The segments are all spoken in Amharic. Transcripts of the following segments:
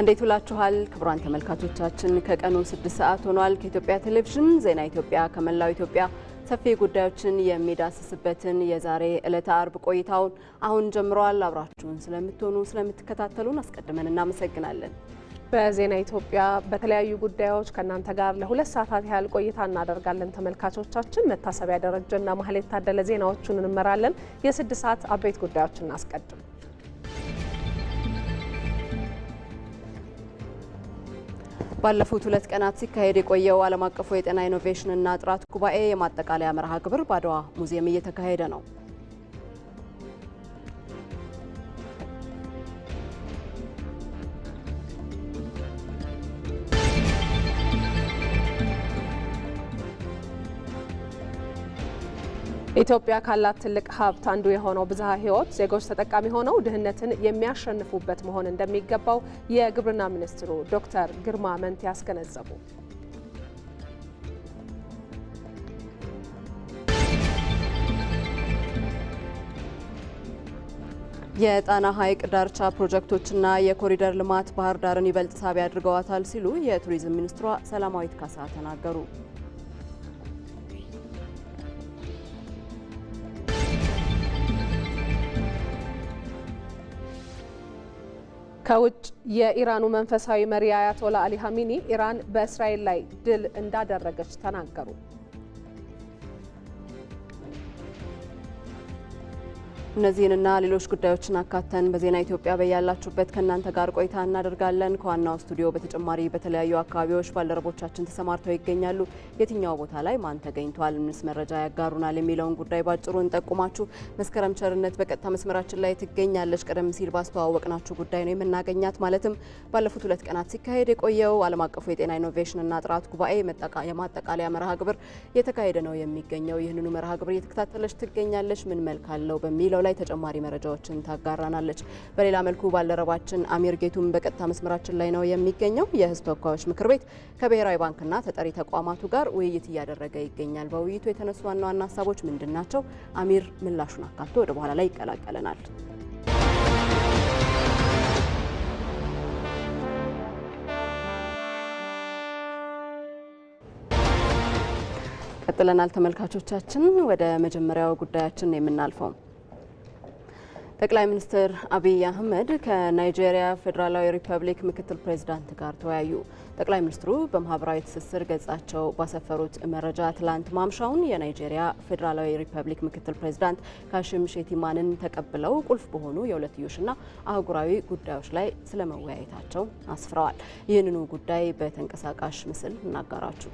እንዴት ውላችኋል ክቡራን ተመልካቾቻችን፣ ከቀኑ ስድስት ሰዓት ሆኗል። ከኢትዮጵያ ቴሌቪዥን ዜና ኢትዮጵያ ከመላው ኢትዮጵያ ሰፊ ጉዳዮችን የሚዳስስበትን የዛሬ ዕለተ አርብ ቆይታውን አሁን ጀምረዋል። አብራችሁን ስለምትሆኑ ስለምትከታተሉን አስቀድመን እናመሰግናለን። በዜና ኢትዮጵያ በተለያዩ ጉዳዮች ከእናንተ ጋር ለሁለት ሰዓታት ያህል ቆይታ እናደርጋለን። ተመልካቾቻችን መታሰቢያ ደረጀና መሀል የታደለ ዜናዎቹን እንመራለን። የስድስት ሰዓት አበይት ጉዳዮችን እናስቀድም። ባለፉት ሁለት ቀናት ሲካሄድ የቆየው ዓለም አቀፉ የጤና ኢኖቬሽንና ጥራት ጉባኤ የማጠቃለያ መርሃ ግብር በአድዋ ሙዚየም እየተካሄደ ነው። ኢትዮጵያ ካላት ትልቅ ሀብት አንዱ የሆነው ብዝሃ ህይወት ዜጎች ተጠቃሚ ሆነው ድህነትን የሚያሸንፉበት መሆን እንደሚገባው የግብርና ሚኒስትሩ ዶክተር ግርማ መንት ያስገነዘቡ። የጣና ሐይቅ ዳርቻ ፕሮጀክቶችና የኮሪደር ልማት ባህር ዳርን ይበልጥ ሳቢ አድርገዋታል ሲሉ የቱሪዝም ሚኒስትሯ ሰላማዊት ካሳ ተናገሩ። ከውጭ የኢራኑ መንፈሳዊ መሪ አያቶላ አሊ ሀሚኒ ኢራን በእስራኤል ላይ ድል እንዳደረገች ተናገሩ። እነዚህንና ሌሎች ጉዳዮችን አካተን በዜና ኢትዮጵያ በያላችሁበት ከእናንተ ጋር ቆይታ እናደርጋለን። ከዋናው ስቱዲዮ በተጨማሪ በተለያዩ አካባቢዎች ባልደረቦቻችን ተሰማርተው ይገኛሉ። የትኛው ቦታ ላይ ማን ተገኝቷል፣ ምንስ መረጃ ያጋሩናል የሚለውን ጉዳይ ባጭሩ እንጠቁማችሁ። መስከረም ቸርነት በቀጥታ መስመራችን ላይ ትገኛለች። ቀደም ሲል ባስተዋወቅናችሁ ጉዳይ ነው የምናገኛት። ማለትም ባለፉት ሁለት ቀናት ሲካሄድ የቆየው ዓለም አቀፉ የጤና ኢኖቬሽንና ጥራት ጉባኤ የማጠቃለያ መርሃ ግብር እየተካሄደ ነው የሚገኘው። ይህንኑ መርሃ ግብር እየተከታተለች ትገኛለች። ምን መልክ አለው በሚለው ላይ ተጨማሪ መረጃዎችን ታጋራናለች። በሌላ መልኩ ባልደረባችን አሚር ጌቱም በቀጥታ መስመራችን ላይ ነው የሚገኘው። የህዝብ ተወካዮች ምክር ቤት ከብሔራዊ ባንክና ተጠሪ ተቋማቱ ጋር ውይይት እያደረገ ይገኛል። በውይይቱ የተነሱ ዋና ዋና ሀሳቦች ምንድን ናቸው? አሚር ምላሹን አካቶ ወደ በኋላ ላይ ይቀላቀለናል። ቀጥለናል ተመልካቾቻችን። ወደ መጀመሪያው ጉዳያችን የምናልፈው ጠቅላይ ሚኒስትር አብይ አህመድ ከናይጄሪያ ፌዴራላዊ ሪፐብሊክ ምክትል ፕሬዝዳንት ጋር ተወያዩ። ጠቅላይ ሚኒስትሩ በማህበራዊ ትስስር ገጻቸው ባሰፈሩት መረጃ ትላንት ማምሻውን የናይጄሪያ ፌዴራላዊ ሪፐብሊክ ምክትል ፕሬዝዳንት ካሽም ሼቲማንን ተቀብለው ቁልፍ በሆኑ የሁለትዮሽና አህጉራዊ ጉዳዮች ላይ ስለመወያየታቸው አስፍረዋል። ይህንኑ ጉዳይ በተንቀሳቃሽ ምስል እናጋራችሁ።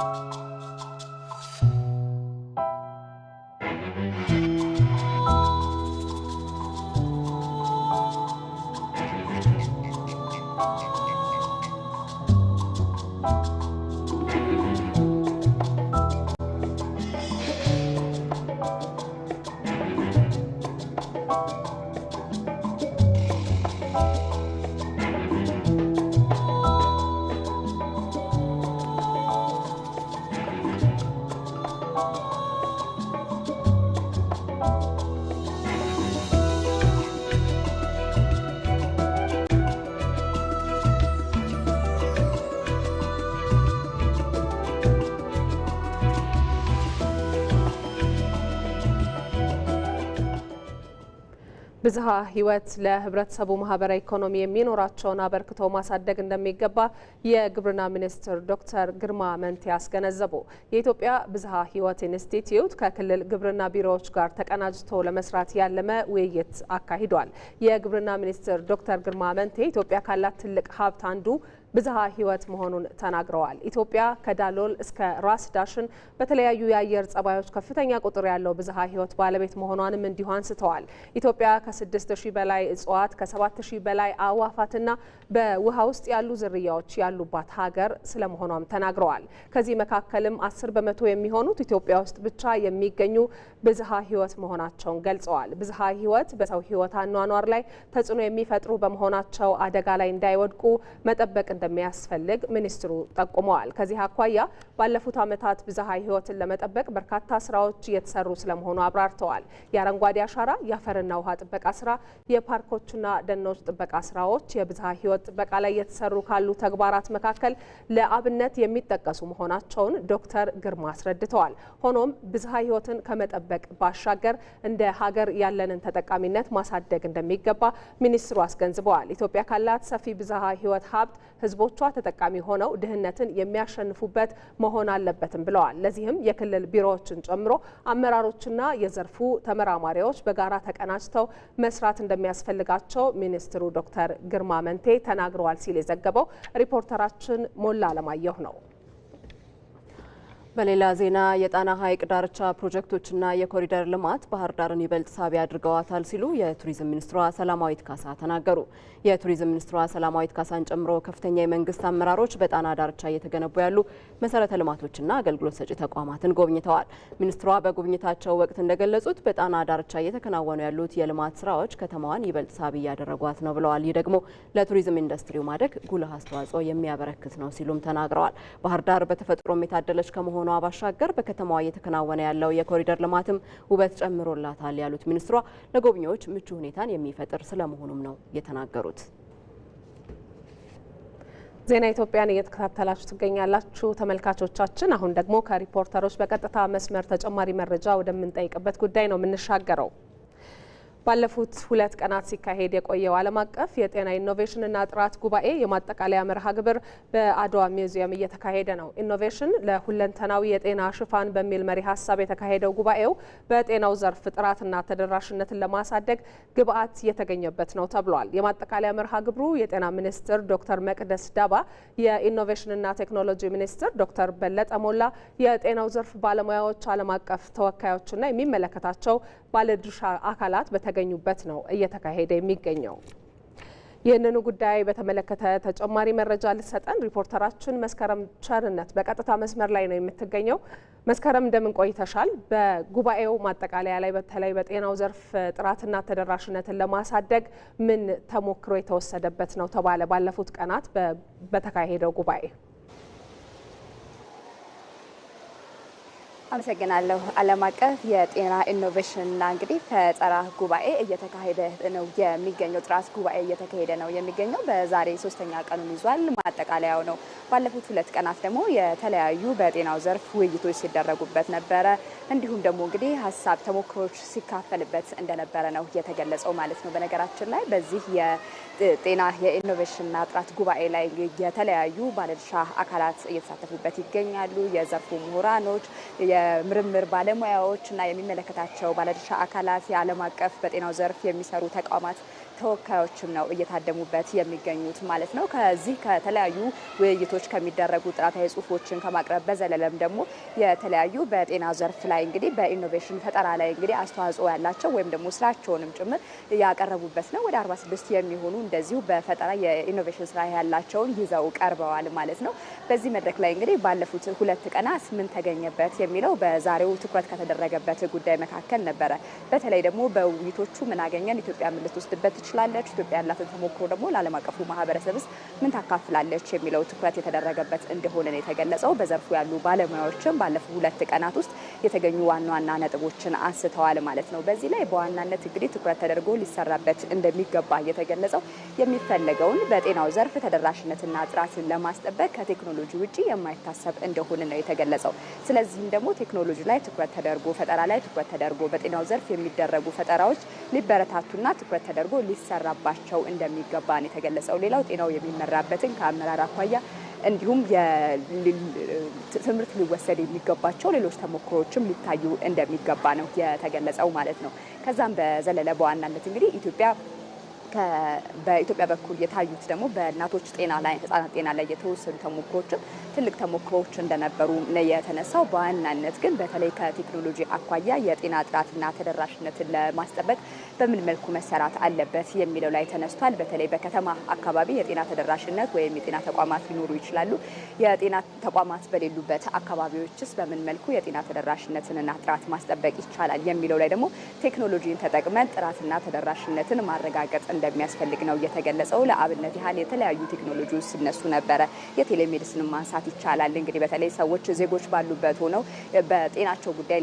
Thank you. ብዝሃ ህይወት ለህብረተሰቡ ማህበራዊ ኢኮኖሚ የሚኖራቸውን አበርክቶ ማሳደግ እንደሚገባ የግብርና ሚኒስትር ዶክተር ግርማ መንቴ አስገነዘቡ። የኢትዮጵያ ብዝሃ ህይወት ኢንስቲትዩት ከክልል ግብርና ቢሮዎች ጋር ተቀናጅቶ ለመስራት ያለመ ውይይት አካሂዷል። የግብርና ሚኒስትር ዶክተር ግርማ መንቴ ኢትዮጵያ ካላት ትልቅ ሀብት አንዱ ብዝሃ ህይወት መሆኑን ተናግረዋል። ኢትዮጵያ ከዳሎል እስከ ራስ ዳሽን በተለያዩ የአየር ጸባዮች ከፍተኛ ቁጥር ያለው ብዝሃ ህይወት ባለቤት መሆኗንም እንዲሁ አንስተዋል። ኢትዮጵያ ከ6000 በላይ እጽዋት ከ ከ7000 በላይ አዋፋትና በውሃ ውስጥ ያሉ ዝርያዎች ያሉባት ሀገር ስለመሆኗም ተናግረዋል። ከዚህ መካከልም አስር በመቶ የሚሆኑት ኢትዮጵያ ውስጥ ብቻ የሚገኙ ብዝሃ ህይወት መሆናቸውን ገልጸዋል። ብዝሃ ህይወት በሰው ህይወት አኗኗር ላይ ተጽዕኖ የሚፈጥሩ በመሆናቸው አደጋ ላይ እንዳይወድቁ መጠበቅ እንደሚያስፈልግ ሚኒስትሩ ጠቁመዋል። ከዚህ አኳያ ባለፉት ዓመታት ብዝሃ ሕይወትን ለመጠበቅ በርካታ ስራዎች እየተሰሩ ስለመሆኑ አብራርተዋል። የአረንጓዴ አሻራ፣ የአፈርና ውሃ ጥበቃ ስራ፣ የፓርኮችና ደኖች ጥበቃ ስራዎች የብዝሃ ሕይወት ጥበቃ ላይ የተሰሩ ካሉ ተግባራት መካከል ለአብነት የሚጠቀሱ መሆናቸውን ዶክተር ግርማ አስረድተዋል። ሆኖም ብዝሃ ህይወትን ከመጠበቅ ባሻገር እንደ ሀገር ያለንን ተጠቃሚነት ማሳደግ እንደሚገባ ሚኒስትሩ አስገንዝበዋል። ኢትዮጵያ ካላት ሰፊ ብዝሃ ሕይወት ሀብት ህዝቦቿ ተጠቃሚ ሆነው ድህነትን የሚያሸንፉበት መሆን አለበትም ብለዋል። ለዚህም የክልል ቢሮዎችን ጨምሮ አመራሮችና የዘርፉ ተመራማሪዎች በጋራ ተቀናጅተው መስራት እንደሚያስፈልጋቸው ሚኒስትሩ ዶክተር ግርማ መንቴ ተናግረዋል ሲል የዘገበው ሪፖርተራችን ሞላ አለማየሁ ነው። በሌላ ዜና የጣና ሐይቅ ዳርቻ ፕሮጀክቶችና የኮሪደር ልማት ባህር ዳርን ይበልጥ ሳቢ አድርገዋታል ሲሉ የቱሪዝም ሚኒስትሯ ሰላማዊት ካሳ ተናገሩ። የቱሪዝም ሚኒስትሯ ሰላማዊት ካሳን ጨምሮ ከፍተኛ የመንግስት አመራሮች በጣና ዳርቻ እየተገነቡ ያሉ መሰረተ ልማቶችና አገልግሎት ሰጪ ተቋማትን ጎብኝተዋል። ሚኒስትሯ በጉብኝታቸው ወቅት እንደገለጹት በጣና ዳርቻ እየተከናወኑ ያሉት የልማት ስራዎች ከተማዋን ይበልጥ ሳቢ እያደረጓት ነው ብለዋል። ይህ ደግሞ ለቱሪዝም ኢንዱስትሪው ማደግ ጉልህ አስተዋጽኦ የሚያበረክት ነው ሲሉም ተናግረዋል። ባህር ዳር በተፈጥሮም የታደለች ከመሆኑ ከመሆኗ ባሻገር በከተማዋ እየተከናወነ ያለው የኮሪደር ልማትም ውበት ጨምሮላታል ያሉት ሚኒስትሯ ለጎብኚዎች ምቹ ሁኔታን የሚፈጥር ስለመሆኑም ነው የተናገሩት። ዜና ኢትዮጵያን እየተከታተላችሁ ትገኛላችሁ ተመልካቾቻችን። አሁን ደግሞ ከሪፖርተሮች በቀጥታ መስመር ተጨማሪ መረጃ ወደምንጠይቅበት ጉዳይ ነው የምንሻገረው። ባለፉት ሁለት ቀናት ሲካሄድ የቆየው ዓለም አቀፍ የጤና ኢኖቬሽንና ጥራት ጉባኤ የማጠቃለያ መርሃ ግብር በአድዋ ሚውዚየም እየተካሄደ ነው። ኢኖቬሽን ለሁለንተናዊ የጤና ሽፋን በሚል መሪ ሀሳብ የተካሄደው ጉባኤው በጤናው ዘርፍ ጥራትና ተደራሽነትን ለማሳደግ ግብዓት የተገኘበት ነው ተብሏል። የማጠቃለያ መርሃ ግብሩ የጤና ሚኒስትር ዶክተር መቅደስ ዳባ፣ የኢኖቬሽንና ቴክኖሎጂ ሚኒስትር ዶክተር በለጠ ሞላ፣ የጤናው ዘርፍ ባለሙያዎች፣ ዓለም አቀፍ ተወካዮችና የሚመለከታቸው ባለድርሻ አካላት በተ በተገኙበት ነው እየተካሄደ የሚገኘው። ይህንኑ ጉዳይ በተመለከተ ተጨማሪ መረጃ ልትሰጠን ሪፖርተራችን መስከረም ቸርነት በቀጥታ መስመር ላይ ነው የምትገኘው። መስከረም እንደምን ቆይተሻል? በጉባኤው ማጠቃለያ ላይ በተለይ በጤናው ዘርፍ ጥራትና ተደራሽነትን ለማሳደግ ምን ተሞክሮ የተወሰደበት ነው ተባለ ባለፉት ቀናት በተካሄደው ጉባኤ? አመሰግናለሁ። ዓለም አቀፍ የጤና ኢኖቬሽንና እንግዲህ ፈጠራ ጉባኤ እየተካሄደ ነው የሚገኘው ጥራት ጉባኤ እየተካሄደ ነው የሚገኘው በዛሬ ሶስተኛ ቀኑን ይዟል። ማጠቃለያው ነው። ባለፉት ሁለት ቀናት ደግሞ የተለያዩ በጤናው ዘርፍ ውይይቶች ሲደረጉበት ነበረ። እንዲሁም ደግሞ እንግዲህ ሀሳብ ተሞክሮች ሲካፈልበት እንደነበረ ነው የተገለጸው ማለት ነው። በነገራችን ላይ በዚህ የጤና የኢኖቬሽንና ጥራት ጉባኤ ላይ የተለያዩ ባለድርሻ አካላት እየተሳተፉበት ይገኛሉ። የዘርፉ ምሁራኖች፣ የምርምር ባለሙያዎች እና የሚመለከታቸው ባለድርሻ አካላት፣ የዓለም አቀፍ በጤናው ዘርፍ የሚሰሩ ተቋማት ተወካዮችም ነው እየታደሙበት የሚገኙት ማለት ነው። ከዚህ ከተለያዩ ውይይቶች ከሚደረጉ ጥናታዊ ጽሁፎችን ከማቅረብ በዘለለም ደግሞ የተለያዩ በጤና ዘርፍ ላይ እንግዲህ በኢኖቬሽን ፈጠራ ላይ እንግዲህ አስተዋጽኦ ያላቸው ወይም ደግሞ ስራቸውንም ጭምር ያቀረቡበት ነው። ወደ 46 የሚሆኑ እንደዚሁ በፈጠራ የኢኖቬሽን ስራ ያላቸውን ይዘው ቀርበዋል ማለት ነው። በዚህ መድረክ ላይ እንግዲህ ባለፉት ሁለት ቀናት ምን ተገኘበት የሚለው በዛሬው ትኩረት ከተደረገበት ጉዳይ መካከል ነበረ። በተለይ ደግሞ በውይይቶቹ ምን አገኘን ኢትዮጵያ ምልት ውስጥበት ትችላለች? ኢትዮጵያ ያላትን ተሞክሮ ደግሞ ለዓለም አቀፉ ማህበረሰብስ ምን ታካፍላለች የሚለው ትኩረት የተደረገበት እንደሆነ ነው የተገለጸው። በዘርፉ ያሉ ባለሙያዎችም ባለፉ ሁለት ቀናት ውስጥ የተገኙ ዋና ዋና ነጥቦችን አንስተዋል ማለት ነው። በዚህ ላይ በዋናነት እንግዲህ ትኩረት ተደርጎ ሊሰራበት እንደሚገባ እየተገለጸው የሚፈለገውን በጤናው ዘርፍ ተደራሽነትና ጥራትን ለማስጠበቅ ከቴክኖሎጂ ውጭ የማይታሰብ እንደሆነ ነው የተገለጸው። ስለዚህም ደግሞ ቴክኖሎጂ ላይ ትኩረት ተደርጎ፣ ፈጠራ ላይ ትኩረት ተደርጎ በጤናው ዘርፍ የሚደረጉ ፈጠራዎች ሊበረታቱና ትኩረት ተደርጎ ሊሰራባቸው እንደሚገባ ነው የተገለጸው። ሌላው ጤናው የሚመራበትን ከአመራር አኳያ እንዲሁም ትምህርት ሊወሰድ የሚገባቸው ሌሎች ተሞክሮችም ሊታዩ እንደሚገባ ነው የተገለጸው ማለት ነው። ከዛም በዘለለ በዋናነት እንግዲህ ኢትዮጵያ በኢትዮጵያ በኩል የታዩት ደግሞ በእናቶች ጤና ላይ ህጻናት ጤና ላይ የተወሰዱ ተሞክሮችም ትልቅ ተሞክሮዎች እንደነበሩ ነው የተነሳው። በዋናነት ግን በተለይ ከቴክኖሎጂ አኳያ የጤና ጥራትና ተደራሽነትን ለማስጠበቅ በምን መልኩ መሰራት አለበት የሚለው ላይ ተነስቷል። በተለይ በከተማ አካባቢ የጤና ተደራሽነት ወይም የጤና ተቋማት ሊኖሩ ይችላሉ። የጤና ተቋማት በሌሉበት አካባቢዎችስ በምን መልኩ የጤና ተደራሽነትንና ጥራት ማስጠበቅ ይቻላል የሚለው ላይ ደግሞ ቴክኖሎጂን ተጠቅመን ጥራትና ተደራሽነትን ማረጋገጥ እንደሚያስፈልግ ነው እየተገለጸው። ለአብነት ያህል የተለያዩ ቴክኖሎጂዎች ሲነሱ ነበረ። የቴሌሜዲስን ማንሳት ይቻላል። እንግዲህ በተለይ ሰዎች ዜጎች ባሉበት ሆነው በጤናቸው ጉዳይ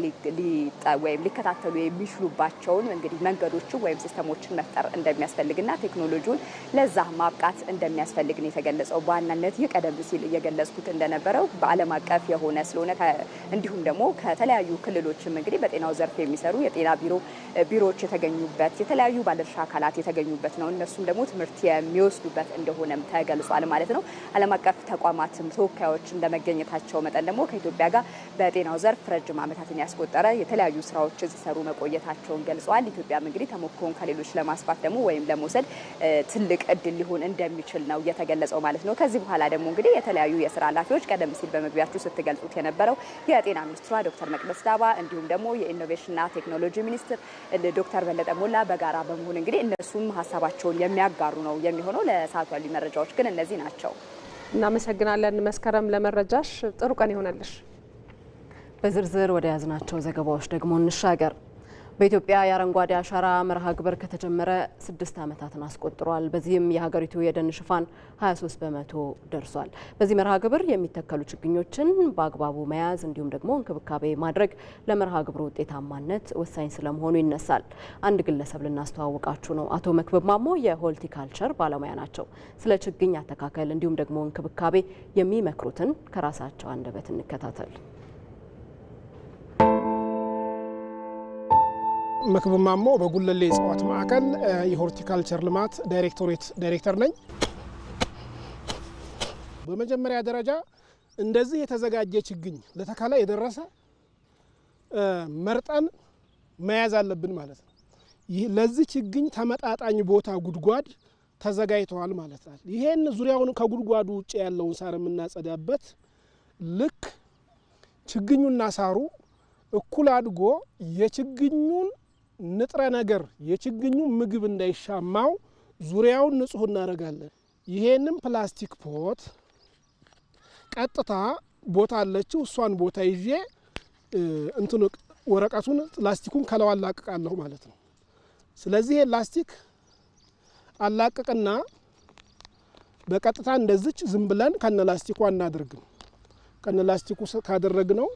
ወይም ሊከታተሉ የሚችሉባቸውን እንግዲህ መንገዶች ቴክኖሎጂዎችን ወይም ሲስተሞችን መፍጠር እንደሚያስፈልግና ቴክኖሎጂውን ለዛ ማብቃት እንደሚያስፈልግ ነው የተገለጸው። በዋናነት ይህ ቀደም ሲል እየገለጽኩት እንደነበረው በዓለም አቀፍ የሆነ ስለሆነ እንዲሁም ደግሞ ከተለያዩ ክልሎችም እንግዲህ በጤናው ዘርፍ የሚሰሩ የጤና ቢሮ ቢሮዎች የተገኙበት የተለያዩ ባለድርሻ አካላት የተገኙበት ነው። እነሱም ደግሞ ትምህርት የሚወስዱበት እንደሆነም ተገልጿል ማለት ነው። ዓለም አቀፍ ተቋማትም ተወካዮች እንደመገኘታቸው መጠን ደግሞ ከኢትዮጵያ ጋር በጤናው ዘርፍ ረጅም ዓመታትን ያስቆጠረ የተለያዩ ስራዎችን ሲሰሩ መቆየታቸውን ገልጸዋል። ኢትዮጵያም እንግዲህ ተሞክሮን ከሌሎች ለማስፋት ደግሞ ወይም ለመውሰድ ትልቅ እድል ሊሆን እንደሚችል ነው የተገለጸው ማለት ነው። ከዚህ በኋላ ደግሞ እንግዲህ የተለያዩ የስራ ኃላፊዎች ቀደም ሲል በመግቢያችሁ ስትገልጹት የነበረው የጤና ሚኒስትሯ ዶክተር መቅደስ ዳባ እንዲሁም ደግሞ የኢኖቬሽንና ቴክኖሎጂ ሚኒስትር ዶክተር በለጠ ሞላ በጋራ በመሆን እንግዲህ እነሱም ሀሳባቸውን የሚያጋሩ ነው የሚሆነው። ለሰዓቱ ያሉ መረጃዎች ግን እነዚህ ናቸው። እናመሰግናለን መስከረም ለመረጃሽ። ጥሩ ቀን ይሆነልሽ። በዝርዝር ወደ ያዝናቸው ዘገባዎች ደግሞ እንሻገር። በኢትዮጵያ የአረንጓዴ አሻራ መርሃ ግብር ከተጀመረ ስድስት ዓመታትን አስቆጥሯል። በዚህም የሀገሪቱ የደን ሽፋን 23 በመቶ ደርሷል። በዚህ መርሃ ግብር የሚተከሉ ችግኞችን በአግባቡ መያዝ እንዲሁም ደግሞ እንክብካቤ ማድረግ ለመርሃ ግብሩ ውጤታማነት ወሳኝ ስለመሆኑ ይነሳል። አንድ ግለሰብ ልናስተዋውቃችሁ ነው። አቶ መክብብ ማሞ የሆልቲካልቸር ባለሙያ ናቸው። ስለ ችግኝ አተካከል እንዲሁም ደግሞ እንክብካቤ የሚመክሩትን ከራሳቸው አንደበት እንከታተል። ምክብ ማሞ በጉለሌ እጽዋት ማዕከል የሆርቲካልቸር ልማት ዳይሬክቶሬት ዳይሬክተር ነኝ። በመጀመሪያ ደረጃ እንደዚህ የተዘጋጀ ችግኝ ለተከላ የደረሰ መርጠን መያዝ አለብን ማለት ነው። ለዚህ ችግኝ ተመጣጣኝ ቦታ ጉድጓድ ተዘጋጅተዋል ማለት ነው። ይሄን ዙሪያውን ከጉድጓዱ ውጭ ያለውን ሳር የምናጸዳበት ልክ ችግኙና ሳሩ እኩል አድጎ የችግኙን ንጥረ ነገር የችግኙ ምግብ እንዳይሻማው ዙሪያውን ንጹህ እናደርጋለን። ይሄንም ፕላስቲክ ፖት ቀጥታ ቦታ አለችው። እሷን ቦታ ይዤ እንትኑ ወረቀቱን ላስቲኩን ከለው አላቅቃለሁ ማለት ነው። ስለዚህ ይሄ ላስቲክ አላቅቅና በቀጥታ እንደዚች ዝም ብለን ከነ ላስቲኩ አናደርግም። ከነ ላስቲኩ ካደረግነው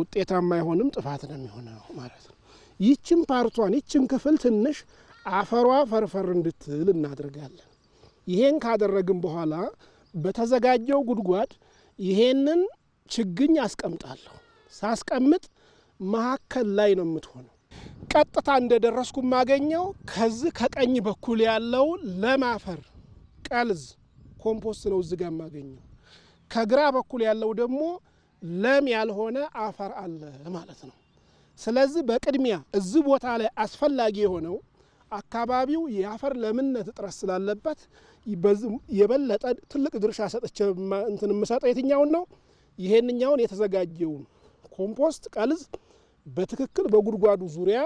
ውጤታማ አይሆንም፣ ጥፋት ነው የሚሆነው ማለት ነው። ይችን ፓርቷን ይችን ክፍል ትንሽ አፈሯ ፈርፈር እንድትል እናደርጋለን። ይሄን ካደረግን በኋላ በተዘጋጀው ጉድጓድ ይሄንን ችግኝ አስቀምጣለሁ። ሳስቀምጥ መሀከል ላይ ነው የምትሆነው። ቀጥታ እንደደረስኩ የማገኘው ከዚህ ከቀኝ በኩል ያለው ለም አፈር ቀልዝ ኮምፖስት ነው እዚጋ የማገኘው። ከግራ በኩል ያለው ደግሞ ለም ያልሆነ አፈር አለ ማለት ነው። ስለዚህ በቅድሚያ እዚህ ቦታ ላይ አስፈላጊ የሆነው አካባቢው የአፈር ለምነት እጥረት ስላለበት የበለጠ ትልቅ ድርሻ ሰጥቼ እንትን የምሰጠው የትኛውን ነው? ይሄንኛውን የተዘጋጀውን ኮምፖስት ቀልዝ በትክክል በጉድጓዱ ዙሪያ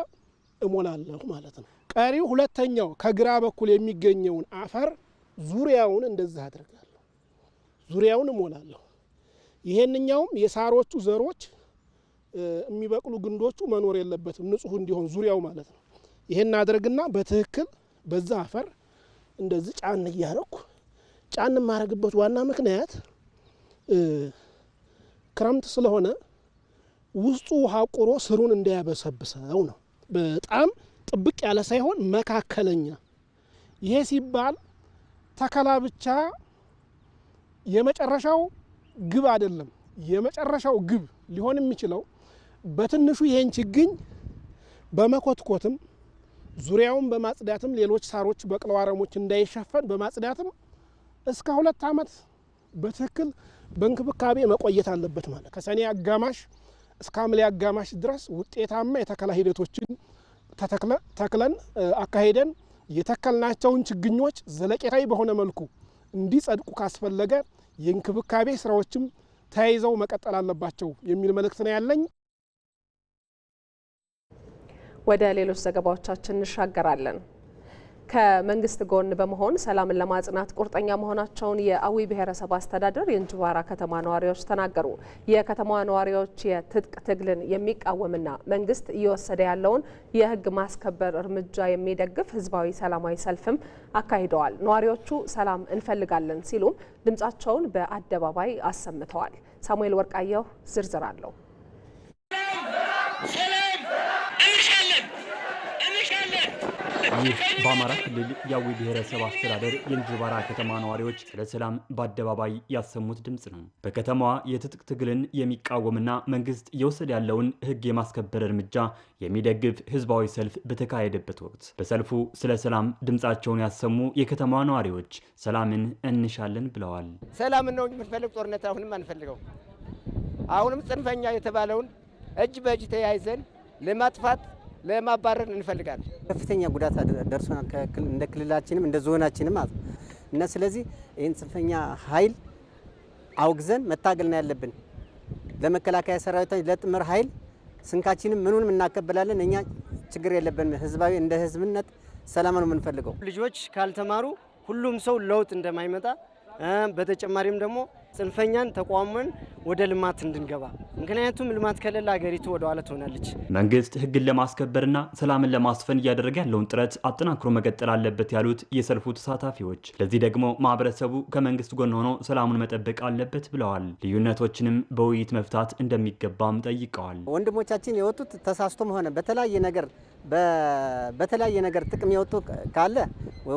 እሞላለሁ ማለት ነው። ቀሪው ሁለተኛው ከግራ በኩል የሚገኘውን አፈር ዙሪያውን እንደዚህ አድርጋለሁ፣ ዙሪያውን እሞላለሁ። ይሄንኛውም የሳሮቹ ዘሮች የሚበቅሉ ግንዶቹ መኖር የለበትም፣ ንጹህ እንዲሆን ዙሪያው ማለት ነው። ይሄን አድርግና በትክክል በዛ አፈር እንደዚህ ጫን እያረኩ ጫን የማረግበት ዋና ምክንያት ክረምት ስለሆነ ውስጡ ውሃ ቁሮ ስሩን እንዳያበሰብሰው ነው። በጣም ጥብቅ ያለ ሳይሆን መካከለኛ። ይሄ ሲባል ተከላ ብቻ የመጨረሻው ግብ አይደለም። የመጨረሻው ግብ ሊሆን የሚችለው በትንሹ ይህን ችግኝ በመኮትኮትም ዙሪያውን በማጽዳትም ሌሎች ሳሮች በቅለው አረሞች እንዳይሸፈን በማጽዳትም እስከ ሁለት ዓመት በትክክል በእንክብካቤ መቆየት አለበት። ማለት ከሰኔ አጋማሽ እስከ ሐምሌ አጋማሽ ድረስ ውጤታማ የተከላ ሂደቶችን ተክለን አካሄደን የተከልናቸውን ችግኞች ዘለቄታዊ በሆነ መልኩ እንዲጸድቁ ካስፈለገ የእንክብካቤ ስራዎችም ተያይዘው መቀጠል አለባቸው የሚል መልእክት ነው ያለኝ። ወደ ሌሎች ዘገባዎቻችን እንሻገራለን። ከመንግስት ጎን በመሆን ሰላምን ለማጽናት ቁርጠኛ መሆናቸውን የአዊ ብሔረሰብ አስተዳደር የእንጅባራ ከተማ ነዋሪዎች ተናገሩ። የከተማዋ ነዋሪዎች የትጥቅ ትግልን የሚቃወምና መንግስት እየወሰደ ያለውን የህግ ማስከበር እርምጃ የሚደግፍ ህዝባዊ ሰላማዊ ሰልፍም አካሂደዋል። ነዋሪዎቹ ሰላም እንፈልጋለን ሲሉም ድምጻቸውን በአደባባይ አሰምተዋል። ሳሙኤል ወርቃየሁ ዝርዝር አለው። ይህ በአማራ ክልል የአዊ ብሔረሰብ አስተዳደር የእንጅባራ ከተማ ነዋሪዎች ስለ ሰላም በአደባባይ ያሰሙት ድምፅ ነው። በከተማዋ የትጥቅ ትግልን የሚቃወምና መንግስት እየወሰደ ያለውን ህግ የማስከበር እርምጃ የሚደግፍ ህዝባዊ ሰልፍ በተካሄደበት ወቅት በሰልፉ ስለ ሰላም ድምፃቸውን ያሰሙ የከተማ ነዋሪዎች ሰላምን እንሻለን ብለዋል። ሰላምን ነው የምንፈልግ፣ ጦርነት አሁንም አንፈልገው። አሁንም ጽንፈኛ የተባለውን እጅ በእጅ ተያይዘን ለማጥፋት ለማባረር እንፈልጋለን። ከፍተኛ ጉዳት ደርሶናል፣ እንደ ክልላችንም እንደ ዞናችንም ማለት እና ስለዚህ ይህን ጽንፈኛ ኃይል አውግዘን መታገል ነው ያለብን። ለመከላከያ ሰራዊት፣ ለጥምር ኃይል ስንካችንም ምኑንም እናቀበላለን። እኛ ችግር የለብን። ህዝባዊ እንደ ህዝብነት ሰላም ነው የምንፈልገው። ልጆች ካልተማሩ ሁሉም ሰው ለውጥ እንደማይመጣ በተጨማሪም ደግሞ ጽንፈኛን ተቋሙን ወደ ልማት እንድንገባ። ምክንያቱም ልማት ከሌለ ሀገሪቱ ወደ ኋላ ትሆናለች። መንግስት ህግን ለማስከበርና ሰላምን ለማስፈን እያደረገ ያለውን ጥረት አጠናክሮ መቀጠል አለበት ያሉት የሰልፉ ተሳታፊዎች፣ ለዚህ ደግሞ ማህበረሰቡ ከመንግስት ጎን ሆኖ ሰላሙን መጠበቅ አለበት ብለዋል። ልዩነቶችንም በውይይት መፍታት እንደሚገባም ጠይቀዋል። ወንድሞቻችን የወጡት ተሳስቶም ሆነ በተለያየ ነገር በተለያየ ነገር ጥቅም የወጡ ካለ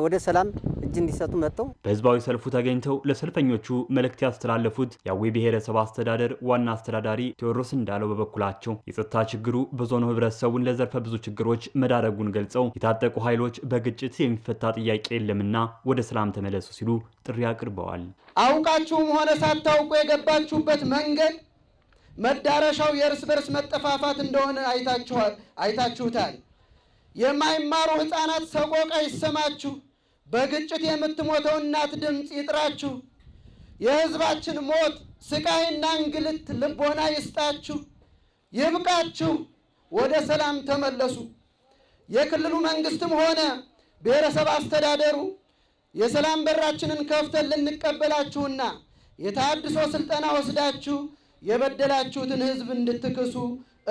ወደ ሰላም እጅ እንዲሰጡ መጥተው በህዝባዊ ሰልፉ ተገኝተው ለሰልፈኞቹ መልእክት ያስተላለፉት የአዊ ብሔረሰብ አስተዳደር ዋና አስተዳዳሪ ቴዎድሮስ እንዳለው በበኩላቸው የጸጥታ ችግሩ በዞኑ ህብረተሰቡን ለዘርፈ ብዙ ችግሮች መዳረጉን ገልጸው የታጠቁ ኃይሎች በግጭት የሚፈታ ጥያቄ የለምና ወደ ሰላም ተመለሱ ሲሉ ጥሪ አቅርበዋል። አውቃችሁም ሆነ ሳታውቁ የገባችሁበት መንገድ መዳረሻው የእርስ በርስ መጠፋፋት እንደሆነ አይታችሁታል። የማይማሩ ሕፃናት ሰቆቃ ይሰማችሁ፣ በግጭት የምትሞተው እናት ድምፅ ይጥራችሁ። የሕዝባችን ሞት ስቃይና እንግልት ልቦና ይስጣችሁ፣ ይብቃችሁ፣ ወደ ሰላም ተመለሱ። የክልሉ መንግስትም ሆነ ብሔረሰብ አስተዳደሩ የሰላም በራችንን ከፍተን ልንቀበላችሁና የተሃድሶ ስልጠና ወስዳችሁ የበደላችሁትን ህዝብ እንድትክሱ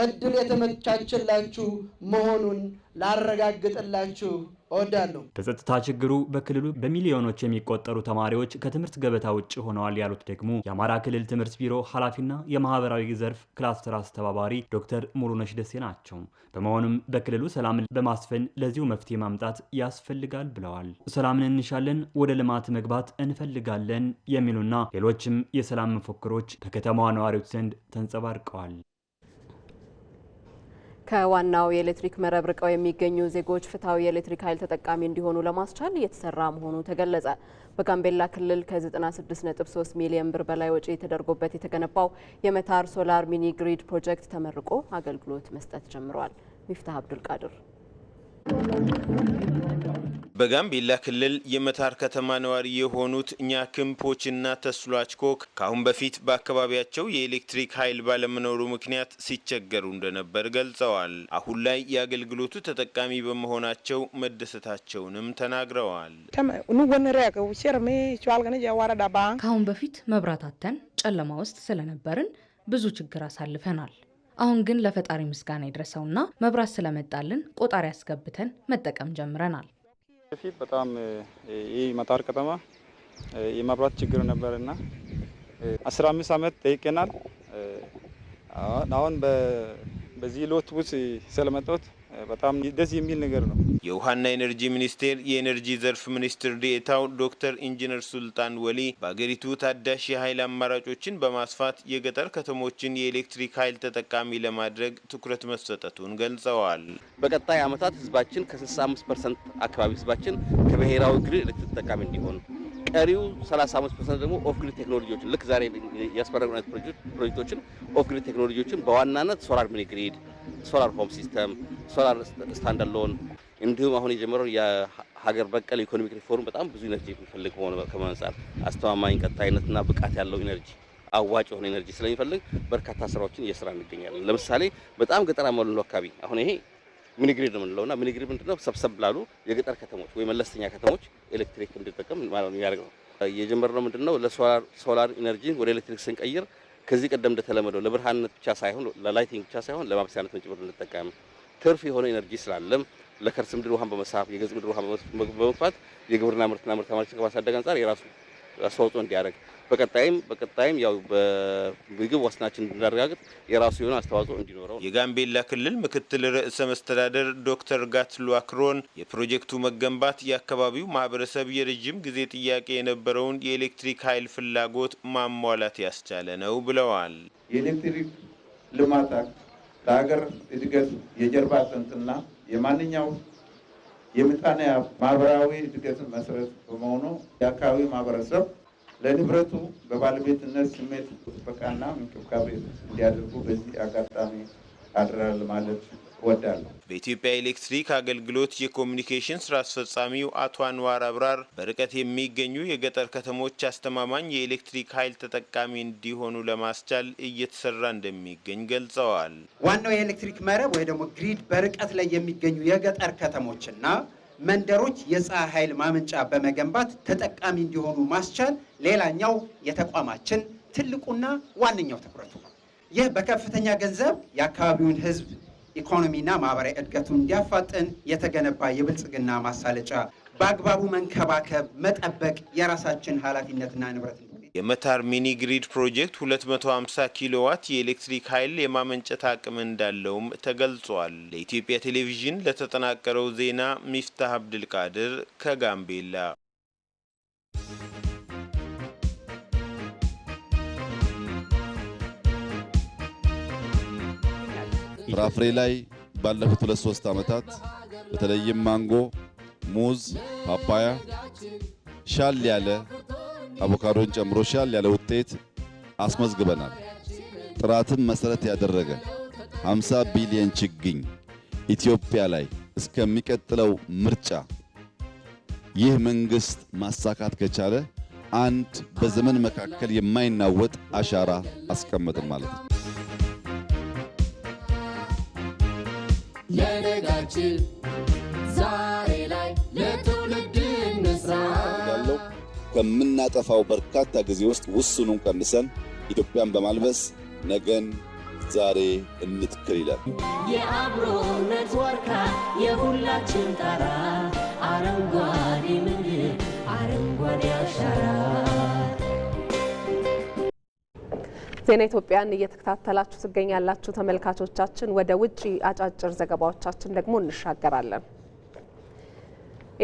እድል የተመቻችላችሁ መሆኑን ላረጋግጥላችሁ እወዳለሁ። በጸጥታ ችግሩ በክልሉ በሚሊዮኖች የሚቆጠሩ ተማሪዎች ከትምህርት ገበታ ውጭ ሆነዋል ያሉት ደግሞ የአማራ ክልል ትምህርት ቢሮ ኃላፊና የማህበራዊ ዘርፍ ክላስተር አስተባባሪ ዶክተር ሙሉነሽ ደሴ ናቸው። በመሆኑም በክልሉ ሰላምን በማስፈን ለዚሁ መፍትሄ ማምጣት ያስፈልጋል ብለዋል። ሰላምን እንሻለን፣ ወደ ልማት መግባት እንፈልጋለን የሚሉና ሌሎችም የሰላም መፎክሮች በከተማዋ ነዋሪዎች ዘንድ ተንጸባርቀዋል። ከዋናው የኤሌክትሪክ መረብ ርቀው የሚገኙ ዜጎች ፍትሐዊ የኤሌክትሪክ ኃይል ተጠቃሚ እንዲሆኑ ለማስቻል እየተሰራ መሆኑ ተገለጸ። በጋምቤላ ክልል ከ96.3 ሚሊዮን ብር በላይ ወጪ ተደርጎበት የተገነባው የመታር ሶላር ሚኒ ግሪድ ፕሮጀክት ተመርቆ አገልግሎት መስጠት ጀምሯል። ሚፍታህ አብዱል ቃድር በጋምቤላ ክልል የመታር ከተማ ነዋሪ የሆኑት ኛክምፖችና ተስሏች ኮክ ከአሁን በፊት በአካባቢያቸው የኤሌክትሪክ ኃይል ባለመኖሩ ምክንያት ሲቸገሩ እንደነበር ገልጸዋል። አሁን ላይ የአገልግሎቱ ተጠቃሚ በመሆናቸው መደሰታቸውንም ተናግረዋል። ከአሁን በፊት መብራት አተን ጨለማ ውስጥ ስለነበርን ብዙ ችግር አሳልፈናል። አሁን ግን ለፈጣሪ ምስጋና ይድረሰውና መብራት ስለመጣልን ቆጣሪ አስገብተን መጠቀም ጀምረናል። በፊት በጣም ይህ መጣር ከተማ የመብራት ችግር ነበር እና አስራ አምስት አመት ጠይቀናል። አሁን በዚህ ሎት ውስጥ ስለመጣሁት በጣም ደስ የሚል ነገር ነው። የውሃና ኤነርጂ ሚኒስቴር የኤነርጂ ዘርፍ ሚኒስትር ዴኤታው ዶክተር ኢንጂነር ሱልጣን ወሊ በአገሪቱ ታዳሽ የኃይል አማራጮችን በማስፋት የገጠር ከተሞችን የኤሌክትሪክ ኃይል ተጠቃሚ ለማድረግ ትኩረት መሰጠቱን ገልጸዋል። በቀጣይ ዓመታት ህዝባችን ከ65 ፐርሰንት አካባቢ ህዝባችን ከብሔራዊ ግሪድ ኤሌክትሪክ ተጠቃሚ እንዲሆኑ ቀሪው 35 ፐርሰንት ደግሞ ኦፍግሪድ ቴክኖሎጂዎችን ልክ ዛሬ ያስፈረግነት ፕሮጀክቶችን ኦፍግሪድ ቴክኖሎጂዎችን በዋናነት ሶላር ሚኒግሪድ ሶላር ሆም ሲስተም፣ ሶላር ስታንድ አሎን እንዲሁም አሁን የጀመረው የሀገር በቀል ኢኮኖሚክ ሪፎርም በጣም ብዙ ኢነርጂ የሚፈልግ ሆነ ከመንጻር አስተማማኝ ቀጣይነትና ብቃት ያለው ኢነርጂ አዋጭ የሆነ ኢነርጂ ስለሚፈልግ በርካታ ስራዎችን እየስራ እንገኛለን። ለምሳሌ በጣም ገጠራማ ያለው አካባቢ አሁን ይሄ ሚኒግሪድ ነው የምንለውና ሚኒግሪድ ምንድነው ሰብሰብ ላሉ የገጠር ከተሞች ወይ መለስተኛ ከተሞች ኤሌክትሪክ እንድጠቀም ማለት ነው የሚያደርግ ነው። የጀመርነው ምንድነው ለሶላር ኢነርጂ ወደ ኤሌክትሪክ ስንቀይር ከዚህ ቀደም እንደተለመደው ለብርሃንነት ብቻ ሳይሆን ለላይቲንግ ብቻ ሳይሆን ለማብሰያነት ጭምር እንጠቀም። ትርፍ የሆነ ኤነርጂ ስላለም ለከርስ ምድር ውሃን በመሳብ የገጽ ምድር ውሃን በመግፋት የግብርና ምርትና ምርታማነት ከማሳደግ አንጻር የራሱ አስተዋጽኦ እንዲያደርግ በቀጣይም በቀጣይም ያው በምግብ ዋስትናችን እንድናረጋግጥ የራሱ የሆነ አስተዋጽኦ እንዲኖረው የጋምቤላ ክልል ምክትል ርዕሰ መስተዳደር ዶክተር ጋትሉ አክሮን የፕሮጀክቱ መገንባት የአካባቢው ማህበረሰብ የረጅም ጊዜ ጥያቄ የነበረውን የኤሌክትሪክ ኃይል ፍላጎት ማሟላት ያስቻለ ነው ብለዋል። የኤሌክትሪክ ልማት ለሀገር እድገት የጀርባ አጥንትና የማንኛውም የምጣኔ ማህበራዊ እድገትን መሰረት በመሆኑ የአካባቢው ማህበረሰብ ለንብረቱ በባለቤትነት ስሜት ጥበቃና እንክብካቤ እንዲያደርጉ በዚህ አጋጣሚ አድራል ማለት እወዳለሁ። በኢትዮጵያ ኤሌክትሪክ አገልግሎት የኮሚኒኬሽን ስራ አስፈጻሚው አቶ አንዋር አብራር በርቀት የሚገኙ የገጠር ከተሞች አስተማማኝ የኤሌክትሪክ ኃይል ተጠቃሚ እንዲሆኑ ለማስቻል እየተሰራ እንደሚገኝ ገልጸዋል። ዋናው የኤሌክትሪክ መረብ ወይ ደግሞ ግሪድ በርቀት ላይ የሚገኙ የገጠር ከተሞችና መንደሮች የፀሐይ ኃይል ማመንጫ በመገንባት ተጠቃሚ እንዲሆኑ ማስቻል ሌላኛው የተቋማችን ትልቁና ዋነኛው ትኩረቱ ነው። ይህ በከፍተኛ ገንዘብ የአካባቢውን ሕዝብ ኢኮኖሚና ማህበራዊ እድገቱን እንዲያፋጥን የተገነባ የብልጽግና ማሳለጫ በአግባቡ መንከባከብ፣ መጠበቅ የራሳችን ኃላፊነትና ንብረት የመታር ሚኒ ግሪድ ፕሮጀክት 250 ኪሎዋት የኤሌክትሪክ ኃይል የማመንጨት አቅም እንዳለውም ተገልጿል። ለኢትዮጵያ ቴሌቪዥን ለተጠናቀረው ዜና ሚፍታህ አብድልቃድር ከጋምቤላ። ፍራፍሬ ላይ ባለፉት ሁለት ሶስት ዓመታት በተለይም ማንጎ፣ ሙዝ፣ ፓፓያ ሻል ያለ አቮካዶን ጨምሮ ሻል ያለ ውጤት አስመዝግበናል። ጥራትን መሰረት ያደረገ 50 ቢሊዮን ችግኝ ኢትዮጵያ ላይ እስከሚቀጥለው ምርጫ ይህ መንግስት ማሳካት ከቻለ አንድ በዘመን መካከል የማይናወጥ አሻራ አስቀምጥም ማለት ነው። ለነጋችን ከምናጠፋው በርካታ ጊዜ ውስጥ ውሱኑን ቀንሰን ኢትዮጵያን በማልበስ ነገን ዛሬ እንትክል ይላል። የአብሮነት ዋርካ የሁላችን ጣራ አረንጓዴ ምድር አረንጓዴ አሻራ። ዜና ኢትዮጵያን እየተከታተላችሁ ትገኛላችሁ ተመልካቾቻችን። ወደ ውጭ አጫጭር ዘገባዎቻችን ደግሞ እንሻገራለን።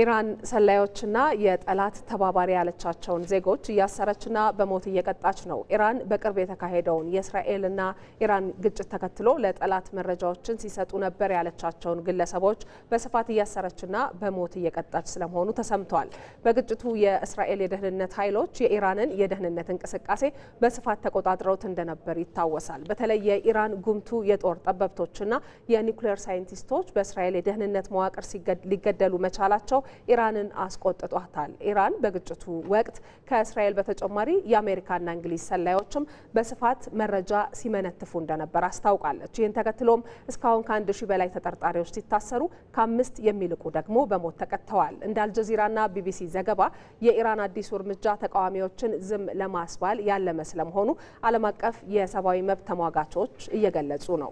ኢራን ሰላዮችና የጠላት ተባባሪ ያለቻቸውን ዜጎች እያሰረችና በሞት እየቀጣች ነው። ኢራን በቅርብ የተካሄደውን የእስራኤልና ኢራን ግጭት ተከትሎ ለጠላት መረጃዎችን ሲሰጡ ነበር ያለቻቸውን ግለሰቦች በስፋት እያሰረችና በሞት እየቀጣች ስለመሆኑ ተሰምቷል። በግጭቱ የእስራኤል የደህንነት ኃይሎች የኢራንን የደህንነት እንቅስቃሴ በስፋት ተቆጣጥረውት እንደነበር ይታወሳል። በተለይ የኢራን ጉምቱ የጦር ጠበብቶችና የኒውክሌር ሳይንቲስቶች በእስራኤል የደህንነት መዋቅር ሊገደሉ መቻላቸው ኢራንን አስቆጥጧታል። ኢራን በግጭቱ ወቅት ከእስራኤል በተጨማሪ የአሜሪካና እንግሊዝ ሰላዮችም በስፋት መረጃ ሲመነትፉ እንደነበር አስታውቃለች። ይህን ተከትሎም እስካሁን ከአንድ ሺህ በላይ ተጠርጣሪዎች ሲታሰሩ ከአምስት የሚልቁ ደግሞ በሞት ተቀጥተዋል። እንደ አልጀዚራና ቢቢሲ ዘገባ የኢራን አዲሱ እርምጃ ተቃዋሚዎችን ዝም ለማስባል ያለመ ስለመሆኑ ዓለም አቀፍ የሰብአዊ መብት ተሟጋቾች እየገለጹ ነው።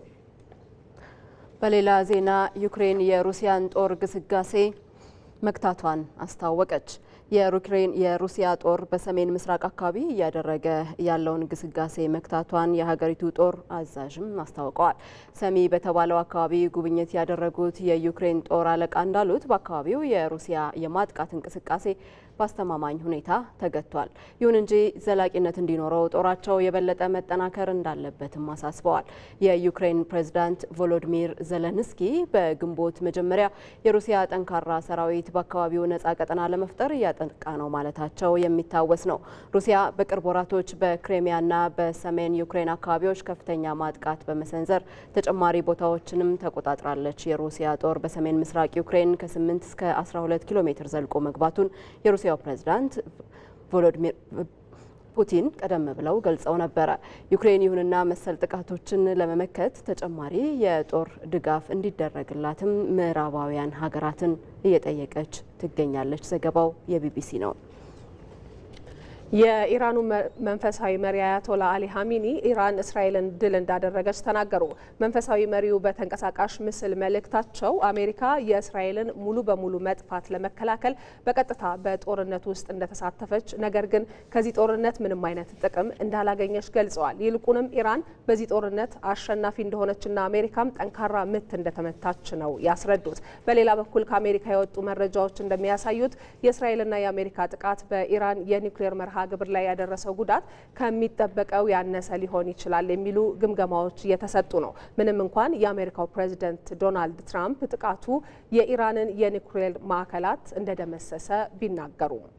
በሌላ ዜና ዩክሬን የሩሲያን ጦር ግስጋሴ መክታቷን አስታወቀች። የዩክሬን የሩሲያ ጦር በሰሜን ምስራቅ አካባቢ እያደረገ ያለውን ግስጋሴ መክታቷን የሀገሪቱ ጦር አዛዥም አስታውቀዋል። ሰሚ በተባለው አካባቢ ጉብኝት ያደረጉት የዩክሬን ጦር አለቃ እንዳሉት በአካባቢው የሩሲያ የማጥቃት እንቅስቃሴ በአስተማማኝ ሁኔታ ተገቷል። ይሁን እንጂ ዘላቂነት እንዲኖረው ጦራቸው የበለጠ መጠናከር እንዳለበትም አሳስበዋል። የዩክሬን ፕሬዝዳንት ቮሎዲሚር ዘለንስኪ በግንቦት መጀመሪያ የሩሲያ ጠንካራ ሰራዊት በአካባቢው ነጻ ቀጠና ለመፍጠር እያጠንቃ ነው ማለታቸው የሚታወስ ነው። ሩሲያ በቅርብ ወራቶች በክሬሚያና በሰሜን ዩክሬን አካባቢዎች ከፍተኛ ማጥቃት በመሰንዘር ተጨማሪ ቦታዎችንም ተቆጣጥራለች። የሩሲያ ጦር በሰሜን ምስራቅ ዩክሬን ከ8 እስከ 12 ኪሎ ሜትር ዘልቆ መግባቱን የሩሲያው ፕሬዝዳንት ቮሎዲሚር ፑቲን ቀደም ብለው ገልጸው ነበረ። ዩክሬን ይሁንና መሰል ጥቃቶችን ለመመከት ተጨማሪ የጦር ድጋፍ እንዲደረግላትም ምዕራባውያን ሀገራትን እየጠየቀች ትገኛለች። ዘገባው የቢቢሲ ነው። የኢራኑ መንፈሳዊ መሪ አያቶላ አሊ ሀሚኒ ኢራን እስራኤልን ድል እንዳደረገች ተናገሩ። መንፈሳዊ መሪው በተንቀሳቃሽ ምስል መልእክታቸው አሜሪካ የእስራኤልን ሙሉ በሙሉ መጥፋት ለመከላከል በቀጥታ በጦርነት ውስጥ እንደተሳተፈች፣ ነገር ግን ከዚህ ጦርነት ምንም አይነት ጥቅም እንዳላገኘች ገልጸዋል። ይልቁንም ኢራን በዚህ ጦርነት አሸናፊ እንደሆነችና አሜሪካም ጠንካራ ምት እንደተመታች ነው ያስረዱት። በሌላ በኩል ከአሜሪካ የወጡ መረጃዎች እንደሚያሳዩት የእስራኤልና የአሜሪካ ጥቃት በኢራን የኒውክሌር መርሃ ግብር ላይ ያደረሰው ጉዳት ከሚጠበቀው ያነሰ ሊሆን ይችላል የሚሉ ግምገማዎች እየተሰጡ ነው። ምንም እንኳን የአሜሪካው ፕሬዚደንት ዶናልድ ትራምፕ ጥቃቱ የኢራንን የኒውክሌር ማዕከላት እንደደመሰሰ ቢናገሩም